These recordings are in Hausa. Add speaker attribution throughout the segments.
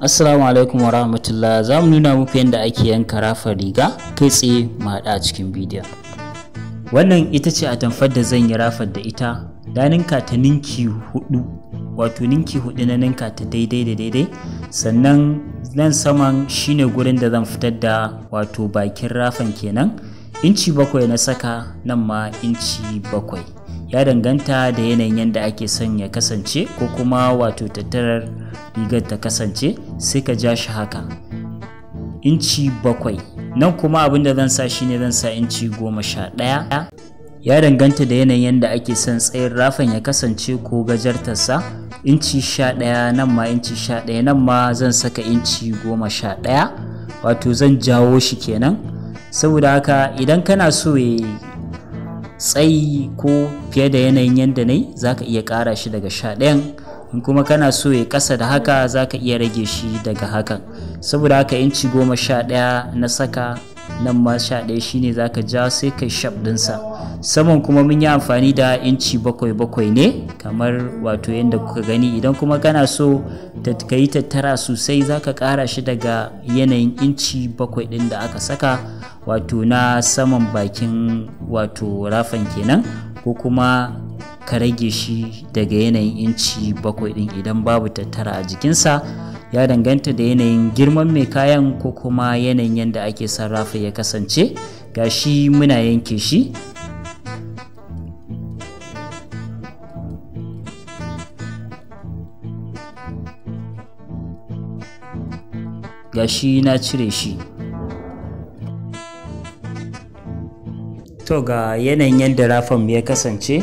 Speaker 1: assalamu alaikum wa rahmatullah za mu nuna muku yadda ake yanka rafar riga kai tsaye mu haɗa a cikin bidiyo wannan ita ce a atamfar da zan yi rafar da ita da ninka ta ninki hudu wato ninki hudu na ninka ta daidai da daidai sannan nan saman shine gurin da zan fitar da wato bakin rafan kenan inci bakwai na saka nan ma inci bakwai ya danganta da yanayin yadda ake son ya kasance ko kuma wato tattarar rigar ta kasance sai ka ja shi haka inci bakwai nan kuma abin da zan sa shi ne zan sa inci goma sha ɗaya ya danganta da yanayin yadda ake son tsayin rafin ya kasance ko gajartarsa inci sha ɗaya nan ma inci sha ɗaya nan ma zan saka inci goma sha ɗaya wato zan jawo shi kenan saboda haka idan kana so ya tsayi ko fiye da yanayin yadda na yi za ka iya ƙara shi daga sha ɗayan in kuma kana so ya ƙasa da haka za ka iya rage shi daga hakan saboda haka inci goma sha ɗaya na saka nan ma sha ɗaya shine za ka ja sai kai shaf ɗinsa saman kuma mun yi amfani da inci bakwai bakwai ne kamar wato yadda kuka gani idan kuma kana so ka yi tattara sosai za ka ƙara shi daga yanayin inci bakwai ɗin da aka saka wato na saman bakin wato rafan kenan ko kuma ka rage shi daga yanayin inci bakwai din idan babu tattara a jikinsa ya danganta da yanayin girman mai kayan ko kuma yanayin yadda ake sarrafa ya kasance ga shi muna yanke shi gashi na cire shi to ga yanayin yadda rafan ya kasance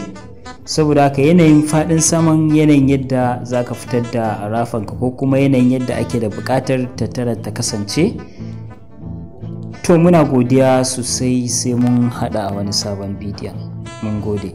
Speaker 1: saboda haka yanayin faɗin saman yanayin yadda za ka fitar da rafanka ko kuma yanayin yadda ake da buƙatar tattara ta kasance to muna godiya sosai sai mun haɗa wani sabon bidiyon mun gode